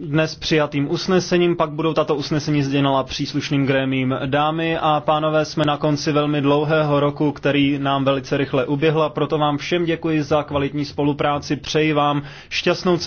dnes přijatým usnesením, pak budou tato usnesení sdělena příslušným grémím. Dámy a pánové, jsme na konci velmi dlouhého roku, který nám velice rychle uběhla, proto vám všem děkuji za kvalitní spolupráci, přeji vám šťastnou cestu.